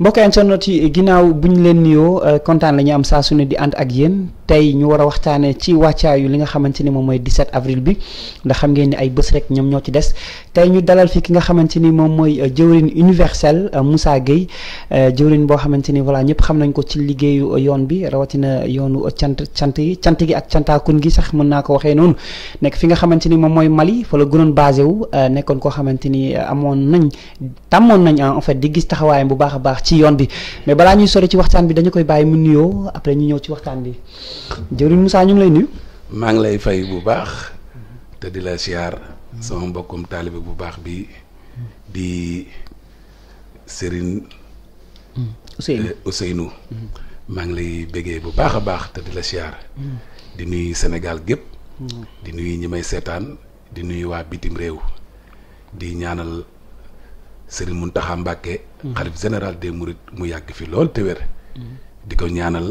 mbokk internet yi ginnaaw bu ñu leen nuyoo euh, kontaan la am saa su di ànd ak yéen tey ñu war a waxtaanee ci wàccaayu li nga xamante ni moom mooy 17 avril bi ndax xam ngeen ni ay bés rek ñoom ñoo ci des tey ñu dalal fi ki nga xamante ni moom mooy euh, jëwrin universel euh, Moussa Gueye euh, jëwrin boo xamante ni voilà ñëpp xam nañ ko ci liggéeyu yoon bi rawatina yoonu cant cant yi cant gi ak cantaakun gi sax mën naa ko waxee noonu nekk fi nga xamante ni moom mooy Mali fa gunoon gënoon basé wu nekkoon koo xamante ni amoon nañ tàmmoon nañ en fait di gis taxawaayam bu baax a baax ci yoon bi mais balaa ñuy sori ci waxtaan bi dañu koy bàyyi mu nuyoo après ñu ñëw ci waxtaan bi jëwriñ Moussa ñu ngi lay nuyu. maa ngi lay fay bu baax te di la siyaar sama mbokkum taalibe bu baax bi di Serigne. Hmm. Euh, Ousseynou maa ngi lay bëggee bu baax a baax te di la siyaar. Hmm. di nuyu senegal gépp hmm. di nuyu ñi seetaan di nuyu waa bitim réew. di ñaanal Serigne Mountakha Mbacké. xalif général des Mourides mu yàgg fi lool te di ko ñaanal.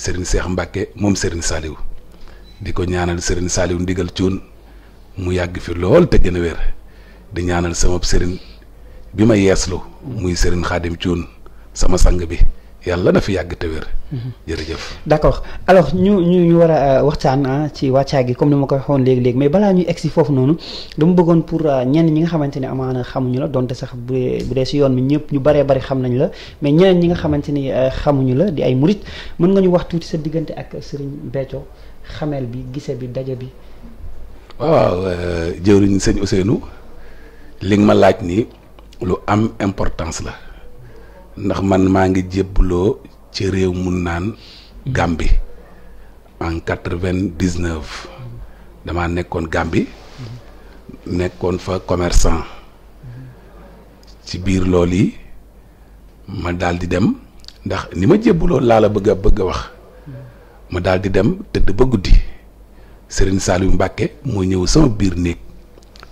Serigne Cheikh Mbacke moom Serigne Saliou di ko ñaanal Serigne Saliou ndigal cuun mu yàgg fi lool te gën a wér di ñaanal sama sëriñ bi ma yeeslu muy Serigne Khadim cuun sama sang bi yàlla na fi yàgg te wér. jërëjëf. d' accord alors ñu ñu ñu war a euh, waxtaan ah, ci wàccaa gi comme ni ma ko waxoon léegi léegi mais balaa ñuy egsi foofu noonu dama bëggoon pour euh, ñenn ñi nga xamante ne amaana xamuñu la donte sax bu dee si yoon mi ñëpp ñu baree bari xam nañ la mais ñeneen ñi nga xamante ni euh, xamuñu la di ay murit mën nga ñu wax tuuti sa diggante ak Serigne Béthio xameel bi gise bi daje bi. waaw jëwriñ sëñ Ousseynou li ma laaj ni lu am importance la. ndax man maa ngi jébbaloo ci réew mun naan Gambie en quatre-vingt-dix-neuf damaa nekkoon Gambie nekkoon fa commerçant ci biir lool yi ma daldi dem ndax ni ma jébbaloo laa la bëgg a bëgg a wax ma daldi dem tëdd ba guddi Serigne Saliou Mbacke moo ñëw sama biir néeg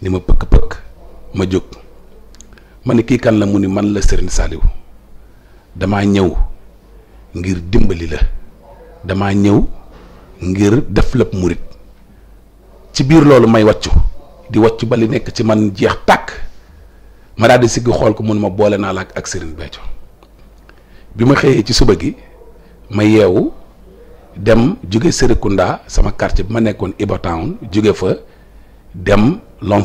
ni ma pëkk-pëkk ma jóg ma ne kii kan la mu ni man la Serigne Saliou damaa ñëw ngir dimbali la damaa ñëw ngir def lépp murit ci biir loolu may wàccu di wàccu ba li nekk ci man jeex tàkk ma daal sigg xool ko mun ma boole naa la ak Serigne Béthio bi ma xëyee ci suba gi ma yeewu dem jóge Serekunda sama quartier bi ma nekkoon Iba jóge fa dem Long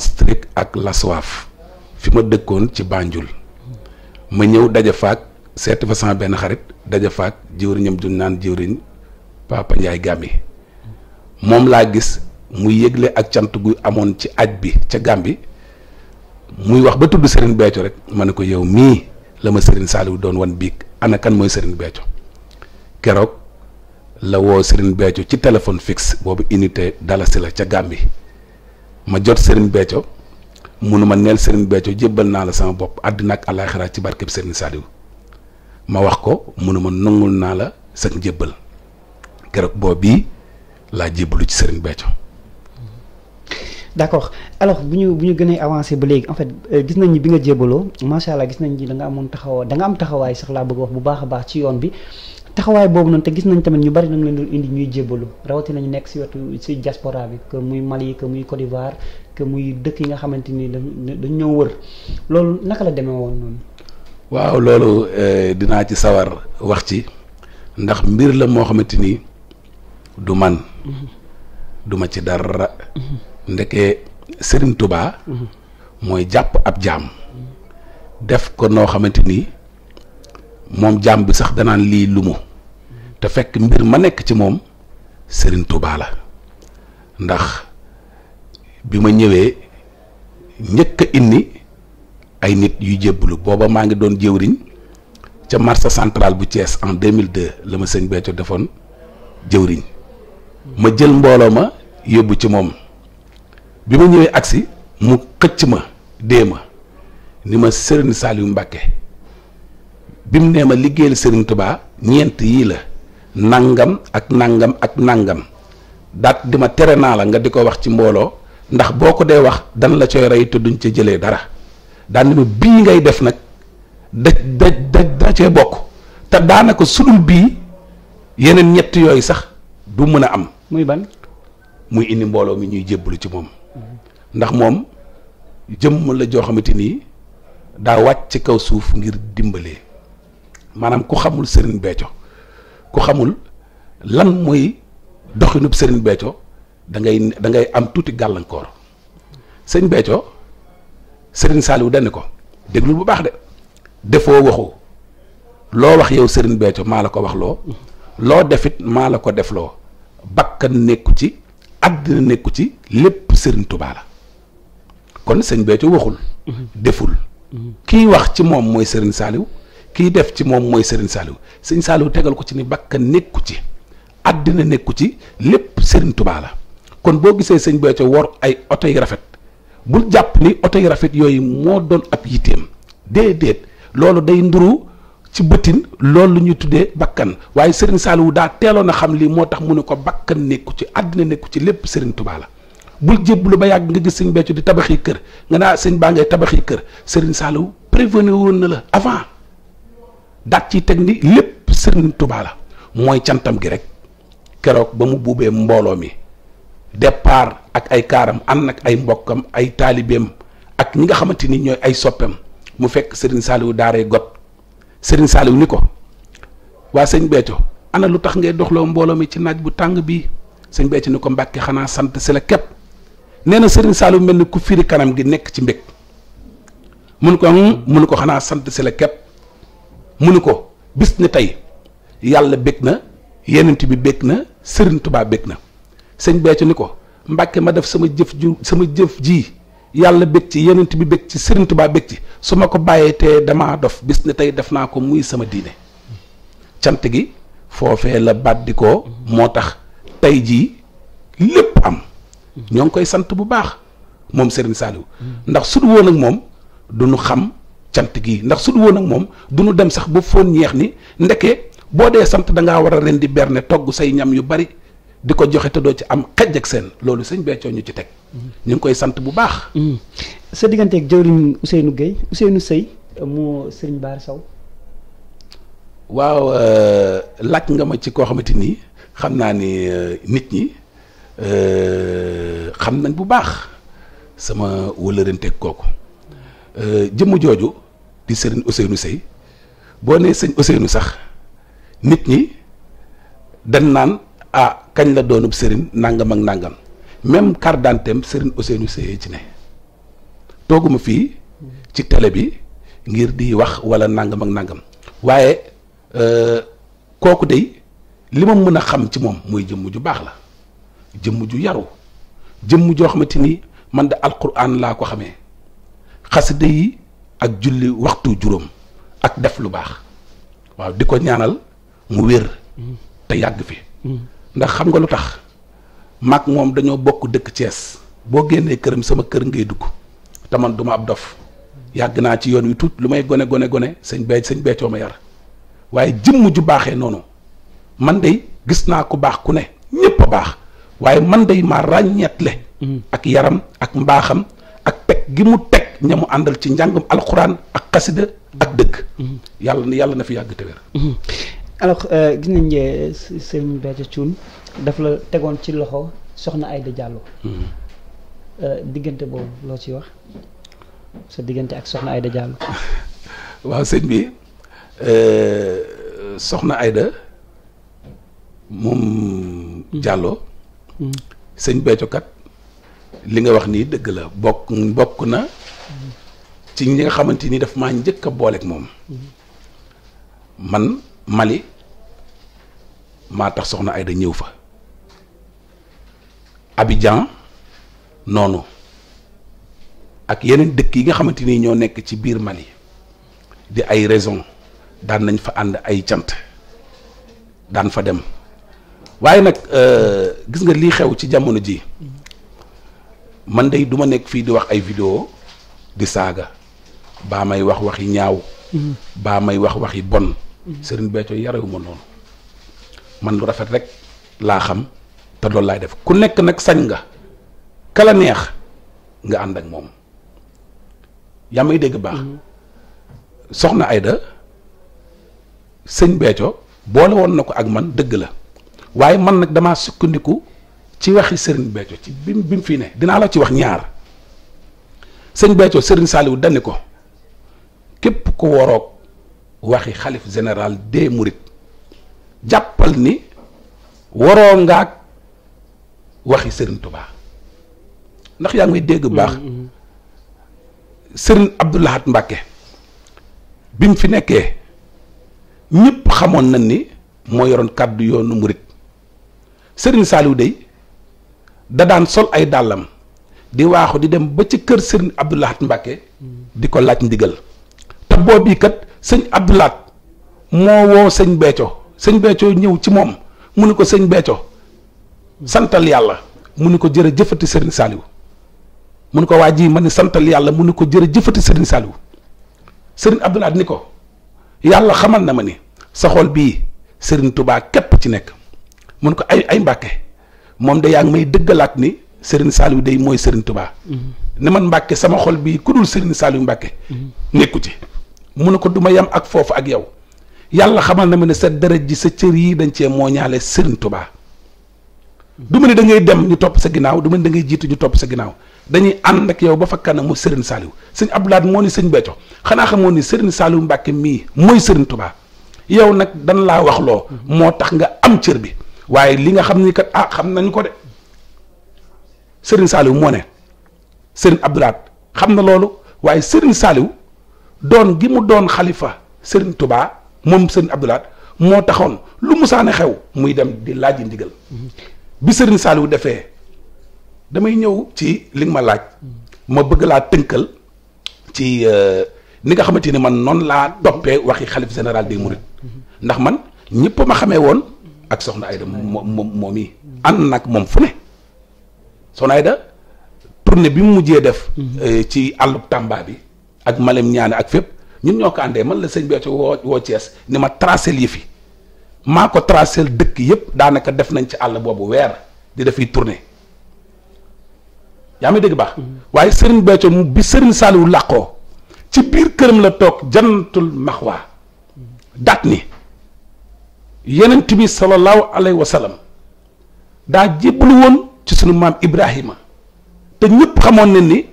ak Laswaf fi ma dëkkoon ci Banjul ma ñëw daje fa seetu fa sama benn xarit daja faak jiwriñam du naan jiwriñ Papa Ndiaye moom laa gis muy yëgle ak cant gu amoon ci aj bi ca Gàmbi muy wax ba tudd Serigne Béthio rek ma ne ko yow mii la ma Serigne Saliou doon wan biig ana mooy Serigne Béthio keroog la woo Serigne Béthio ci téléphone fix boobu unité dalasi la ca Gàmbi ma jot Serigne Béthio munuma neel Serigne Béthio jébbal naa la sama bopp àddina ak àllaaxira ci barkeb Serigne Saliou ma wax ko mu ne ma naa la sag njébbal keroog boobu bii laa jébbalu ci Serigne Béthio d'accord alors bu ñu bu ñu gënee a avancé ba léegi en fait euh, gis nañ bi nga jébaloo macha allah gis nañ ni da nga amoon taxawaay danga am taxawaay sax laa bëgg wax bu baax a baax ci yoon bi taxawaay boobu noonu te gis nañ tamit ñu bari nañ leen doon indi ñuy jébalu rawatina ñu nekk si wetu si diaspora bi que muy Mali que muy Côte d'Ivoire muy dëkk yi nga xamante ni dañ dañ ñoo loolu naka la demee noonu. waaw loolu eh, dinaa ci sawar wax ci ndax mbir la moo xamante ni du man duma ci dara ndeke sëriñ tubaa mooy jàpp ab jaam def ko noo xamante ni moom jaam bi sax danaan lii lumu te fekk mbir ma nekk ci moom sëriñ tubaa la ndax bi ma ñëwee njëkk a indi ay nit yu jébbalu booba maa ngi doon jëwriñ ca marché central bu Thiès en 2002 la ma sëñ Béthio defoon jëwriñ ma jël mbooloo ma yóbbu ci moom bi ma ñëwee agsi mu xëcc ma dee ma ni ma Serigne Saliou Mbacké bi mu nee ma liggéeyal sëriñ tubaa ñeent yii la nangam ak nangam ak nangam daat di ma tere naa la nga di ko wax ci mbooloo ndax boo ko dee wax dan la coy rey te duñ ca jëlee dara daan na bii ngay def nag da da da da cee bokk te daanaka sudul bii yeneen ñett yooyu sax du mën a am. muy ban. muy indi mbooloo mi ñuy jébbalu ci moom. ndax moom jëmm la joo xamante ni daa wàcc ci kaw suuf ngir dimbalee maanaam ku xamul Serigne Béthio ku xamul lan muy doxinub Serigne Béthio dangay da ngay am tuuti gàllankoor Serigne Béthio. sëriñ Saliou dani ko déglul bu baax de defoo waxu loo wax yow sëriñ Béthio maa la ko wax loo loo it maa la ko defloo bakkan nekku ci àddina nekku ci lépp sëriñ Touba kon sëñ Béthio waxul deful kii wax ci moom mooy sëriñ Saliou kii def ci moom mooy sëriñ Saliou sëñ Saliou tegal ko ci ni bakkan nekku ci àddina nekku ci lépp sëriñ Touba la kon boo gisee sëñ Béthio wor ay oto yi rafet bul jàpp ni oto yu rafet yooyu moo doon ab yiteem déedéet loolu day nduru ci bëtin loolu ñu tuddee bakkan waaye Serigne wu daa teeloon a xam lii moo tax mu ne ko bakkan nekku ci àddina nekku ci lépp Serigne Touba la bul jébbalu ba yàgg nga gis sëñ beccu di tabaxi kër nga naa seen baa ngay tabaxi kër Serigne Saliou prévenir woon na la avant daat ci teg ni lépp Serigne Touba mooy cantam gi rek keroog ba mu buubee mbooloo mi départ ak ay kaaram ànd ak ay mbokkam ay taalibeem ak ñi nga xamante ni ñooy ay soppeem mu fekk Serigne Saliou daaree got Serigne Saliou ni ko waa sëñ Béthio ana lu tax ngay doxloo mbooloo mi ci naaj bu tàng bi sëñ Béthio ni ko Mbàkke xanaa sant si la képp nee na Serigne Saliou mel ni ku firi kanam gi nekk ci mbég mun ko hmm, munu ko xanaa sant si la képp munu ko bis ni tey yàlla bég na yenent bi bég na Serigne tubaab bég na sëñ Béthio ni ko Mbàkke ma def sama jëf ju sama jëf jii yàlla beg ci yenent bi bég ci Sëriñ Tuubaa beg ci su ma ko bàyyee te damaa dof bis ne tey def naa ko muy sama diine cant gi foofe la bàddi ko moo tax tey jii lépp am ñoo ngi koy sant bu baax moom Serigne Saliou ndax su du ak moom du nu xam cant gi ndax su woon ak moom du ñu dem sax ba foon ñeex ni ndeke boo dee sant da war a ren di berne togg say ñam yu bari di ko joxe te doo ci am xej ak seen loolu sëñ Béthio ñu ci teg ñu ngi koy sant bu baax hmm. sa digganteeg jëwriñ Ousseynou Gueye Ousseynou Seye moo sëriñ Bara Sow waaw euh, laaj nga ma ci koo xamante nii xam naa ni euh, nit ñi euh, xam nañ bu baax sama wëlëranteeg kooku jëmm jooju di sëriñ Ousseynou Seye boo nee sëñ Ousseynou sax nit ñi dañ naan ah kañ la doonub sëriñ nangam ak nangam même carte d'identité sëriñ Ousseynou Seye ci ne tooguma fii ci télé bi ngir di wax wala nangam ak nangam waaye euh, kooku day li ma mën a xam ci moom mooy jëmm ju baax la jëmm ju yaru jëmm joo xamante ni man de alquran laa ko xamee xasida yi ak julli waxtu juróom ak def lu baax waaw di ko ñaanal mu wér te yàgg fi mm-hmm. ndax xam nga lu tax mag moom dañoo bokk dëkk Thiès boo génnee këram sama kër ngay dugg te man du ab dof yàgg naa ci yoon wi tuut lu may gone gone gone sëñ bee sëñ beecoo ma yar waaye jëmm ju baaxee noonu man day gis naa ku baax ku ne ñépp a baax waaye man day maa ràññeetle mm. ak yaram ak mbaaxam ak teg gi mu teg ñamu àndal ci njàngum alxuraan ak xasida ak dëkk mm. yàlla yàlla na fi yàgg te alors euh, gis nañ sëñ Béthio Thioune daf la tegoon ci loxo soxna Aïda Diallo. Mhm. Euh, diggante boobu loo ci wax sa diggante ak soxna Aïda Diallo. waaw sëñ bi euh, soxna Aïda moom Diallo. Mhm. Mhm. sëñ Béthio li nga wax nii dëgg la bokk bokk na ci ñi nga xamante ni daf maa njëkk a booleek moom man Mali. maa tax soxna Aida ñëw fa Abidjan noonu ak yeneen dëkk yi nga xamante ni ñoo nekk ci biir man yi di ay raison daan nañ fa ànd ay cant daan fa dem waaye nag euh, gis nga lii xew ci jamono ji man day duma nekk fii di wax ay vidéo di saaga baa may wax wax yi ñaaw mm-hmm. baa may wax wax yi bon mm-hmm. Serigne Béthio yarewu ma noonu man lu rafet rek laa xam te loolu laay def ku nekk nag sañ nga kala neex nga ànd ak moom yaa may dégg baax mm-hmm. soxna ayda sëñ Béthio boole woon na ko ak man dëgg la waaye man nag damaa sukkandiku ci waxi sëriñ Béthio ci bi bi fii ne dinaa la ci wax ñaar sëñ Béthio sëriñ Saliou dani ko képp ku waroog waxi xalif général des mourides jàppal ni waroo ngaag waxi sëriñ Touba ndax yaa ngi dégg baax mm-hmm. Serigne Abdou Lahad bi mu fi nekkee ñëpp xamoon nañ ni moo yoroon kàddu yoonu murit sëriñ Saliou dey da daan sol ay dàllam di waaxu di dem ba ci kër Serigne Abdou Lahad mm-hmm. di ko laaj ndigal te boobii kat sëñ Abdou Lahad moo woo sëñ Béthio sëñ Béthio ñëw ci moom mu ni ko sëñ Béthio santal yàlla mu ni ko jërë jëfati sëriñ Saliou mu ko waa ji ma ni santal yàlla mu ni ko jërë jëfati sëriñ Saliou sëriñ Abdoul ni ko yàlla xamal na ma ni sa xol bii sëriñ tubaa képp ci nekk mu ni ko ay ay Mbàkke moom de yaa ngi may dëggalaat ni sëriñ Saliou day mooy sëriñ Touba mm-hmm. ne man Mbàkke sama xol bii ku dul sëriñ Saliou Mbàkke mm-hmm. nekku ci mu ne ko duma ma yem ak foofu ak yow yàlla xamal na ma ne sa dere ji sa cër yi dañ cee mooñaale Serigne Touba du ma ne da ngay dem ñu topp sa ginnaaw du ma ne da ngay jiitu ñu topp sa ginnaaw dañuy ànd ak yow ba fa kanamu Serigne Saliou sëñ Abdoulaye moo ni sëñ Béthio xanaa xamoon ni Serigne Saliou Mbacke mii mooy Serigne Touba yow nag dan laa wax loo moo tax nga am cër bi waaye li nga xam ni kat ah xam nañu ko de Serigne Saliou moo ne Serigne Abdoulaye xam na loolu waaye Serigne saaliw doon gi mu doon xalifa Serigne Touba. moom sëriñ Abdoulaat moo taxoon lu musaane xew muy dem di laaj yi ndigal bi sëriñ wu defee damay ñëw ci li nga ma laaj ma bëgg laa tënkal ci euh, ni nga xamante ni man noonu laa toppee waxi xalif général des mourides ndax man ñëpp ma xamee woon ak soxna Ayda moom moom yi ànd nag moom fu ne soxna Ayda tournée bi mu mujjee def mm-hmm. euh, ci àllub Tamba bi ak Malem Ñaane ak fépp ñun ñoo ko àndee man la sëñ Béthio woo woo Thiès ni ma tracel yi fi maa ko tracel dëkk yëpp daanaka def nañ ci àll boobu weer di dafay tourner yaa ngi dégg baax mhm. waaye sëriñ Béthio bi sëriñ Saliou làqoo ci biir këram la toog jannatul maxwa daat ni yenent bi sallallahu alayhi wa sallam daa jébbalu woon ci sunu maam Ibrahima te ñëpp xamoon ne ni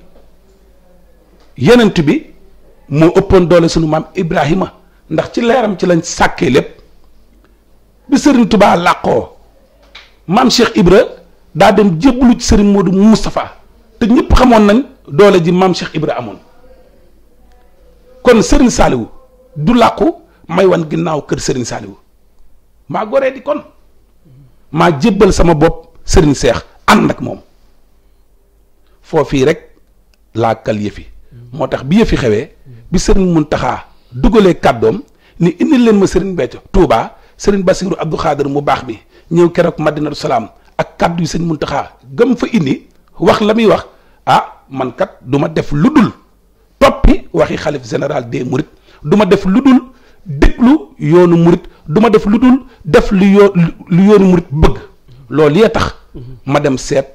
yenent bi moo ëppoon doole sunu maam Ibrahima ndax ci leeram ci lañ sàkkee lépp bi sëriñ Tubaa làqoo maam Cheikh Ibra daa dem jébbalu ci sëriñ Modou Moustapha te ñëpp xamoon nañ doole ji maam Cheikh Ibra amoon kon sëriñ saaliwu du làqu may wan ginnaaw kër sëriñ saaliwu maa goree di kon maa jébbal sama bopp sëriñ Seex ànd ak moom foofii rek laa kal yëfi moo tax bi yëfi xewee bi sëriñ Muntaxa dugalee kàddoom ni indil leen ma sëriñ Béthio Touba sëriñ Bassirou Abdou Khader mu baax bi ñëw keroog Madinatu Salaam ak kàddu yi sëriñ Muntaxa gëm fa indi wax la muy wax ah man kat du def lu dul toppi waxi xalif général des Mourides du ma def lu dul déglu yoonu Mouride du ma def lu dul def lu yoo yoonu Mouride bëgg loolu yee tax ma dem seet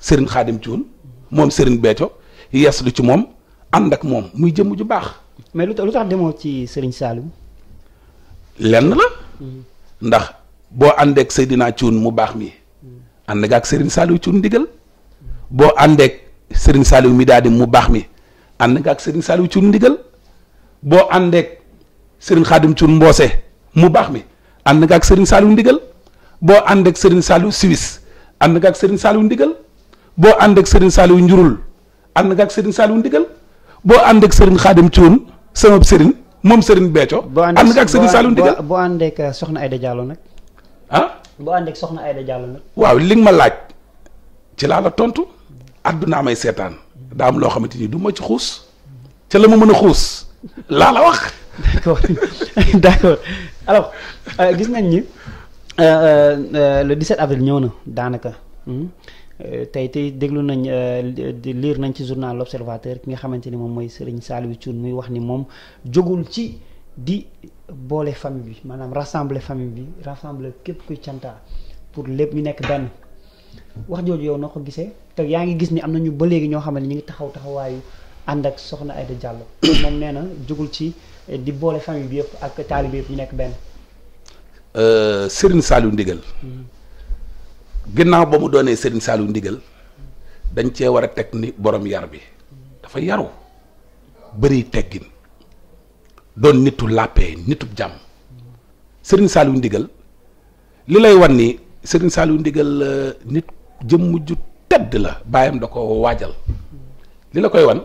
sëriñ Xaadim Cuun moom sëriñ Béthio yees lu ci moom. ànd ak moom muy jëmm ju baax. mais lu tax lu tax demoo ci Serigne Saliou. lenn la. Mm-hmm. ndax boo àndeek Seydina Thioune mu baax mi. Mm-hmm. ànd ak Serigne Saliou Thioune ndigal. boo àndeek Serigne Saliou mi daal mu baax mi ànd ak Serigne Saliou Thioune ndigal. boo àndeek sëriñ Khadim Thioune Mbose mu baax mi ànd ak Serigne Saliou ndigal. boo àndeek ak Serigne Saliou Suisse ànd ak Serigne Saliou ndigal. boo ànd ak Serigne njurul ànd nga ak Serigne Saliou ndigal. boo ànd ak Serigne Khadim Thioune sama Serigne moom Serigne Béthio. ànd ak Serigne Saliou Ndigal boo ànd ak soxna Aïda Diallo nag. ah. boo ànd ak soxna Aïda Diallo nag. waaw li ma laaj ci laa la tontu àddunaa amay seetaan daa am loo xamante ni du ci xuus ca la ma mën a xuus laa la wax. d'accord d'accord alors euh, gis nañ ni euh, euh, le 17 avril ñëw na daanaka. Hmm? Euh, tey tey déglu nañ euh, liir nañ ci journal l'Observateur ki nga xamante ni moom mooy Serigne Saliou Thioune muy wax ni moom jógul ci di boole famille bi maanaam rassembler famille bi rassembler képp kuy cantaa pour lépp ñu nekk benn wax jooju yow noo ko gisee te yaa ngi gis ni am na ñu ba léegi ñoo xam ne ñu ngi taxaw taxawaayu ànd ak soxna Aïda Diallo moom nee na jógul ci eh, di boole famille bi yëpp ak taalibe yëpp ñu nekk benn. Euh, Serigne Saliou ndégal ginnaaw ba mu doonee Serigne Saliou ndigal dañ cee war a teg ni borom yar bi dafa yaru bëri teggin doon nitu làppee nitu jàmm Serigne Saliou ndigal li lay wan ni Serigne Saliou ndigal euh, nit jëmm ju tedd la baayam da ko waajal li la koy wan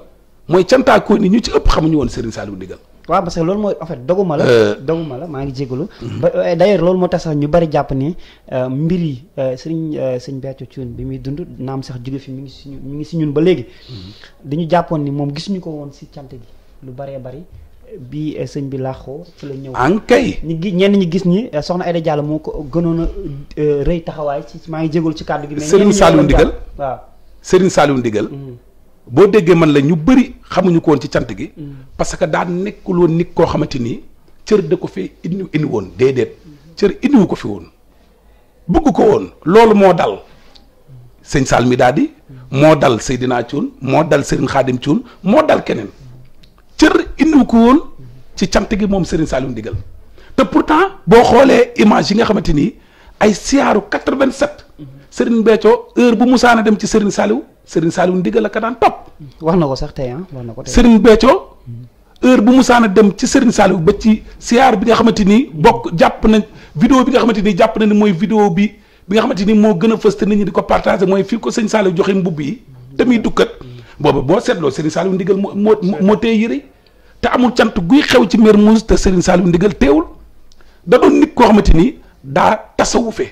mooy cantaakoon ni ñu ci ëpp xamuñu woon Serigne Saliou ndigal waaw parce que loolu mooy en fait doguma la. Euh. doguma la maa ngi jégalu. Mhm. ba euh, loolu moo tax sax ñu bari jàpp ni euh, mbir yi sëñ sëñ Béthio Thioune bi muy dund naam sax jóge fi mi ngi si mi ngi si ñun ba léegi. Mhm. dañu jàppoon ni moom gisuñu ko woon si cant gi lu baree bari. bi sëñ bi laaxoo fi la ñëw. ankay ñu gi ñenn ñi gis ñi soxna Aida Diallo moo ko gënoon a rëy taxawaay ci maa ngi jégalu ci kàddu gi. mais ñenn ñi Serigne Saliou Ndigal waaw Serigne Saliou Ndigal. Mhm. boo déggee man la ñu bëri xamuñu ko woon ci cant gi. Mm. parce que daa nekkul woon nit koo xamante ni cër da ko fi indi indi woon déedéet. cër indiwu ko fi woon. bëgg ko woon loolu moo dal sëñ Saal mi daal moo dal Seydina Thioune moo dal Serigne moo dal keneen. cër indiwu ko woon ci cant moom Serigne Saliou Ndigal te pourtant boo xoolee image yi nga xamante ni ay siyaaru 87. Mm-hmm. Serigne Béthio heure bu musaana dem ci Serigne Saliou. Serigne Saliou ndigal la ka daan topp. wax na ko sax tey ah wax na ko tey Serigne Béthio heure bu musaana dem ci Serigne Saliou ba ci siyaar bi nga xamante ni bokk jàpp na vidéo bi nga xamante ni jàpp na ni mooy vidéo bi bi nga xamante ni moo gën a fëst te nit ñi di ko partagé mooy fii ko sëñ Saliou joxe mbubb yi te muy dukkat boobu boo seetloo Serigne Saliou ndigal moo moo moo tee yëre te amul cant guy xew ci Mermoz te Serigne Saliou ndigal teewul da doon nit koo xamante ni daa tasawufe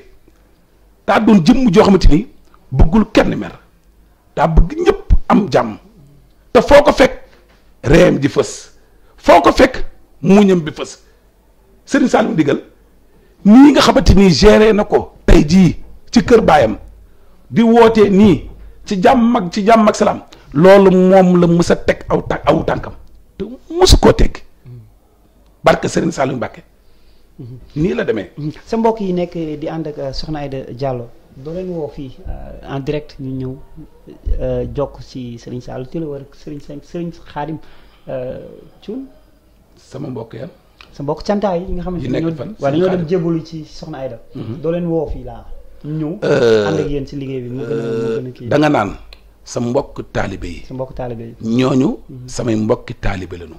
daa doon jëmm joo xamante ni bëggul kenn me daa bëgg ñëpp am jàmm te foo ko fekk reem ji fës foo ko fekk muñam bi fës Serigne Saliou Ndigal nii nga xamante ni géré na ko tey jii ci kër baayam di wootee nii ci jàmm ak ci jàmm ak salaam loolu moom la mës a teg aw tà tànkam te mësu koo teg barke sëriñ Saliou Mbacké mm-hmm. nii la demee. Mm-hmm. sa mbokk yi nekk di ànd ak euh, Soxna Aïda Diallo. doo leen woo fii euh, en direct ñu ñëw euh, jokk si Serigne Saliou Thioune wala Serigne Serigne Khadim euh, Thioune. sama mbokk ya sa mbokk cantaay yi nga xamante ne ñoo waaw dañoo ci Soxna Aida. Mhm. woo fii laa ñëw. ànd ak yéen liggéey bi mu kii. da nga naan sa mbokk taalibe yi. sa mbokk ñooñu. Mhm. samay mbokki taalibe lañu.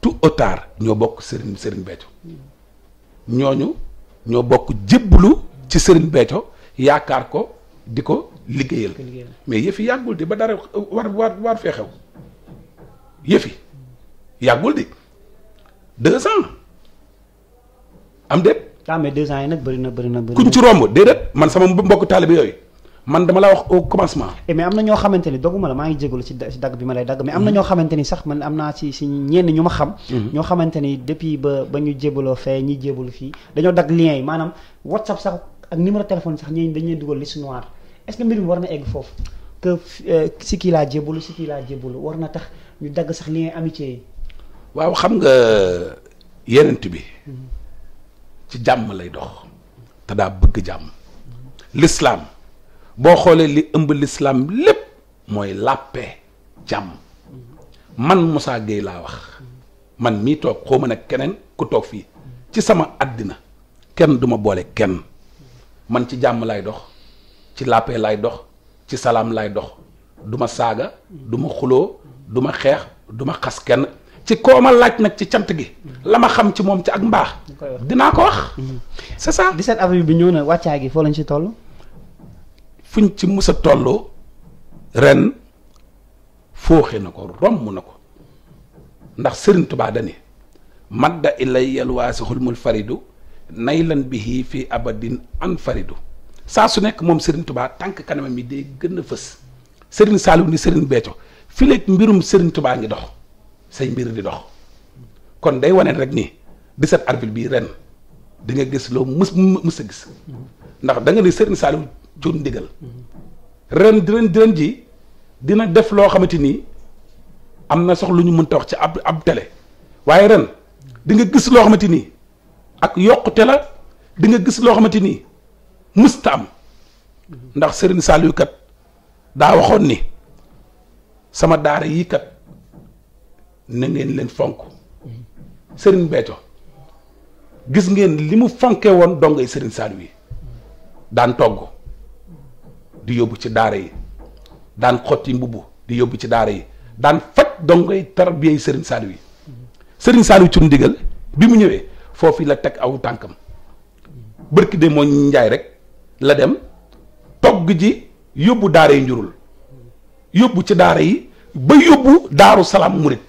tout au ñoo bokk Serigne Serigne Béthio. Mhm. ñooñu ñoo bokk jébbalu ci Serigne Béthio. yaakaar ko di ko liggéeyal mais yëfi yàggul di ba dara war war waar fee xew yëfi yàggul di deux ans am déet. ah mais deux ans yi nag bëri na bëri na bëri kuñ ci romb déedéet man sama mbokk taalibe yooyu man dama la wax au commencement. Eh, mais am na ñoo xamante ni doguma la maa ngi jégalu ci dagg bi ma lay dagg. mais am na ñoo mm-hmm. xamante ni sax man am naa si si ñenn ñu ma xam. Mm-hmm. ñoo xamante ni depuis ba ba ñu jébaloo fee ñi jébalu fii dañoo dagg lien yi maanaam WhatsApp sax. ak numéro téléphone sax ñooñu dañuy dugal liste noire est-ce que mbir war na egg foofu que euh, si kii laa jébbalu si kii laa jébbalu war na tax ñu dagg sax lien amitié yi. waaw xam nga yenent bi ci jàmm lay dox te daa bëgg jàmm l'islam boo xoolee li ëmb l'islam lépp mooy làppee jàmm man Moussa Gueye laa wax man mii toog xaw ma nag keneen ku toog fii ci sama àddina kenn duma boole kenn man ci jàmm laay dox ci làppee laay dox ci salaam laay dox du ma saaga du xuloo du ma xeex du ma xas kenn ci koo ma laaj nag ci cant gi la ma xam ci moom ci ak mbaax dinaa ko wax mm-hmm. c'est ça 17 avril bi ñëw na wàccaa gi foo lañ ci toll fuñ ci musa a ren fooxe na ko romb na ko ndax Sëriñ Tubaa dani madda ilay yalwaasixul mul faridu naylan bihi fi en farido saa su nekk moom Serigne Touba tànk kanamam mi day gën a fës Serigne Saliou ni Serigne Béthio fileeg mbirum sëriñ tubaa ngi dox say mbir di dox kon day wane rek ni 17 avril bi ren di nga gis loo mës mës a gis ndax da nga ni Serigne Saliou ndigal ren di ren di ren ji dina def loo xamante ni am na sox lu ñu mënta wax ci ab ab tele waaye ren di nga gis loo xamante ni. ak yokkute la di gis loo xamante ni mësta am ndax Serigne Saliou kat daa waxoon ni sama daara yii kat na ngeen leen fonk Serigne Béthio gis ngeen li mu fonkee woon dongay Serigne Saliou yi daan togg di yóbbu ci daara yi daan xotti mbubb di yóbbu ci daara yi daan faj dongay tarbiyey Serigne Saliou yi Serigne Saliou ci ndigal bi mu ñëwee. foofu la teg aw tànkam bërki de moo njaay rek la dem togg ji yóbbu daara yi njurul yóbbu ci daara yi ba yóbbu daaru salaam murit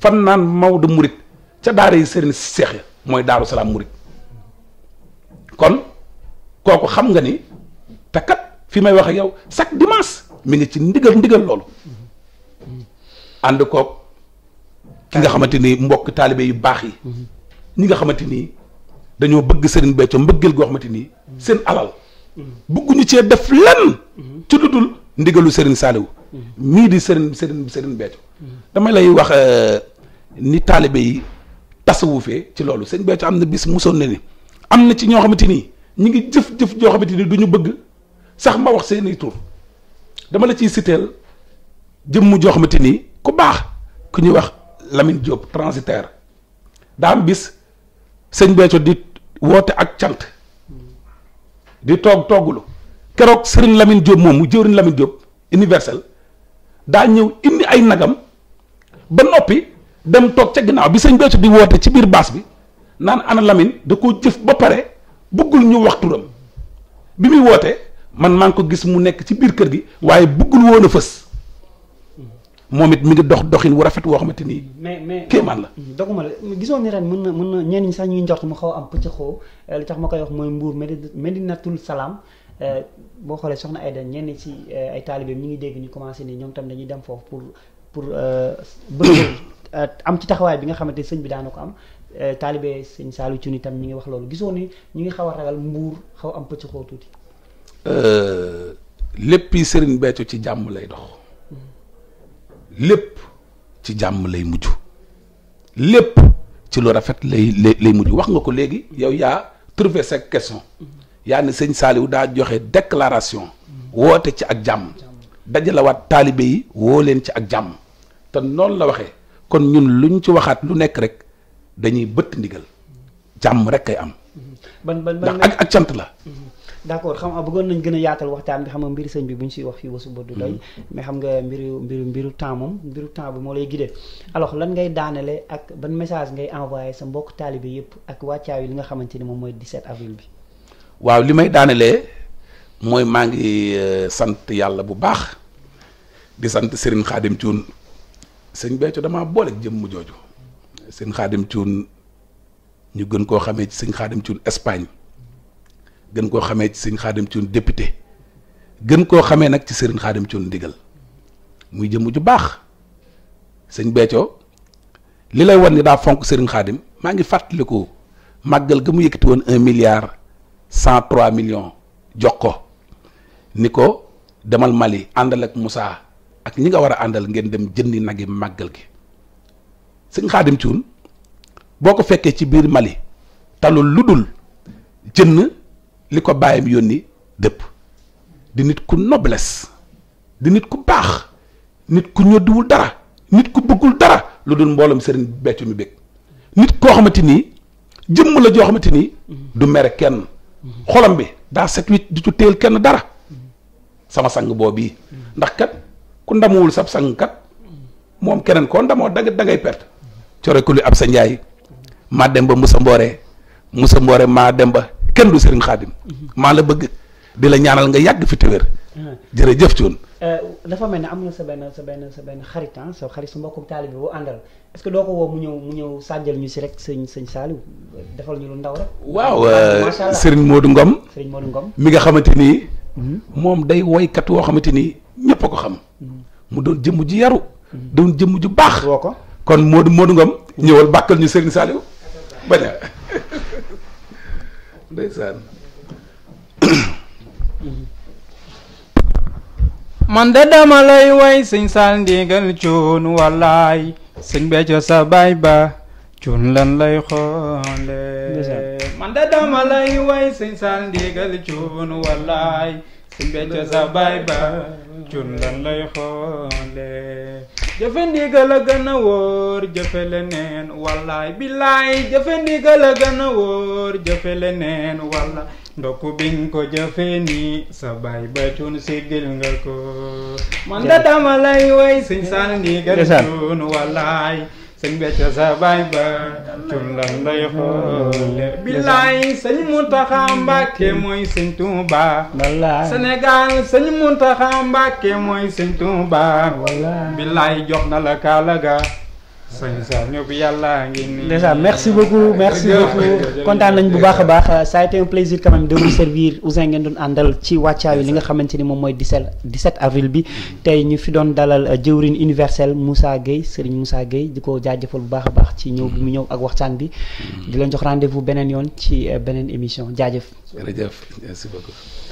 fan naan Maodo murit ca daara yi sëriñ seex ya mooy daaru salaam murit kon kooku xam nga ni te kat fi may wax ak yow chaque dimanche mi ngi ci ndigal ndigal loolu ànd koog ki nga xamante ni mbokk taalibe yu baax yi ñi nga xamante ni dañoo bëgg Serigne Béthio mbëggeel goo xamante nii seen alal bëgguñu cee def lenn ci lu dul ndigalu Serigne Saliou mii di Serigne Serigne Serigne Béthio lay wax euh, ni taalibe yi tasawufee ci loolu Serigne Béthio am na bis musoon na ni am na ci ñoo xamante ni ñi ngi jëf-jëf joo xamante ni du ñu bëgg sax ma wax seeni dama la ciy siteel jëmm joo xamante ni ku baax ku ñuy wax Lamine Diop transitaire daa am bis sëñ Béthio di woote ak cant di toog toggulu keroog sëriñ Lamine Diop moom mu jëwriñ Lamine Diop universel daa ñëw indi ay nagam ba noppi dem toog ca ginnaaw bi sëñ Béthio di woote ci biir baas bi naan ana Lamine da ko jëf ba pare bëggul ñu wax bi muy woote man maa ngi ko gis mu nekk ci biir kër gi waaye bëggul woon a fës. moom it mi ngi dox doxin wu rafet woo xamante ni. mais mais kéemaan la. doguma la gisoo ni ren mën na mën na ñenn ñi sax ñuy njort mu xaw am pëcc xoo euh, li tax ma koy wax mooy Mbour Medinatul Salaam euh, boo xoolee soxna Aida ñenn ci euh, ay taalibeem ñu ngi dégg ñu commencé ni ñoom tam dañuy dem foofu pour pour bëgg am ci taxawaay bi nga xamante sëñ bi daana ko am. taalibe sëñ Saalu ci Cuun itam ñi ngi wax loolu gisoo ni ñu ngi xaw a ragal Mbour xaw am pëcc xoo tuuti. lépp yi Serigne Béthio ci jàmm lay dox. lépp ci jàmm lay mujj lépp ci lu rafet lay lay lay mujj wax nga ko léegi yow yaa trouvé sa question yaa ne sëñ Saliou daa joxe déclaration woote ci ak jàmm dajalawaat taalibe yi woo leen ci ak jàmm te noonu la waxee kon ñun luñ ci waxaat lu nekk rek dañuy bëtt ndigal jàmm rek ay am. ban ak ak cant la. Mhm. d'accord xam nga bëggoon nañ gën a yaatal waxtaan bi xam nga mbiru bi bu ñu siy wax fii ba suba du doy mm-hmm. mais xam nga mbiru mbiru mbiru temps moom mbiru temps bi moo lay guidé alors lan ngay daanale ak ban message ngay envoyé sa mbokk taalibe yëpp ak wàccaaw yi li nga xamante ni moom mooy 17 avril bi waaw li may daanalee mooy maa ngi euh, sant yàlla bu baax di sant Serigne Khadim Thioune sëñ Béthio damaa boole jëmm jooju seen Khadim Thioune ñu gën koo xamee ci sëñ Khadim Thioune Espagne gën koo xamee ci sëñ xaadim cuun député gën koo xamee nag ci sëriñ xaadim cuun ndigal muy jëmm ju baax sëñ Béthio li lay wan ni daa fonk sëriñ xaadim maa ngi fàttaliku màggal ga mu yëkkati woon un milliard cent trois millions jox ko ni ko demal Mali àndal ak Moussa ak ñi nga war a àndal ngeen dem jëndi nag yi màggal gi sëñ xaadim cuun boo ko fekkee ci biir Mali talul lu dul jënn li ko bàyyam yónni dëpp di nit ku noblesse di nit ku baax nit ku ñoddiwul dara nit ku bëggul dara lu dul mbooloom sëriñ beccu mi bëgg nit koo xamante nii jëmm la joo xamante nii du mere kenn xolam bi daa set wit di tu teel kenn dara sama sang boobu ndax kat ku ndamuwul sab sang moom keneen koo ndamoo da dangay ngay perte core ku li ab sa njaay maa dem ba musa mboore musa mboore maa dem ba kenn du Serigne Khadim. maa la bëgg di la ñaanal nga yàgg fi te wér. jërëjëf Thioune. Euh, dafa mel ne am na sa benn sa benn sa benn xarit ah sa xarit sa mbokkum taalibe bi àndal est que doo ko woo mu ñëw mu ñëw sàjjal ñu si rek sëñ sëñ Saliou defal ñu lu ndaw rek. waaw euh, Serigne moodu Ngom. Serigne Modou Ngom mi nga xamante ni. Hmm. moom day woykat woo xamante ni ñëpp a ko xam. Hmm. mu doon jëmm ju yaru. Hmm. doon jëmm ju baax. woo ko kon Modou Modou Ngom. ñëwal bàkkal ñu Serigne Saliou ndeysaan man de dama lay way sëñ saal cuun wallaay sëñ baay ba cuun lan lay xoole man da dama lay way sëñ saal cuun wallaay sëñ cuun lan lay xoole jëfe ndigal a gën a wóor jëfe leneen wallaay billaay jëfe ndigal a gën a jëfe leneen wallaay ndokku biñ ko jëfe nii sa baay ba cuun siggil nga ko man da dama lay way sëñ saan ndigal cuun sëñ becco sa baay ba cum la ndoy xoole billaay sëñ Muntaxa Mbàkke mooy sëñ Tuuba Sénégal sëñ Muntaxa Mbàkke mooy sëñ Tuuba billaay jox na la kaala ga déjà merci beaucoup merci beaucoup kontaan nañ bu baax a baax ça a été un plaisir quand même servir Ouzin ngeen doon àndal ci wàccaayu li nga xamante ni moom mooy 17 17 avril bi tey ñu fi doon dalal euh, jëwrin universel musaa Gueye seriñ musaa Gueye di ko jaajëfal bu baax a baax ci ñëw bi mu ñëw ak waxtaan bi di leen jox rendez-vous beneen yoon ci euh, beneen émission jaajëf jërëjëf merci